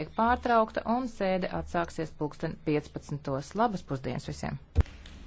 tiek pārtraukta un sēde atsāksies pulksten 15. Labas pusdienas visiem!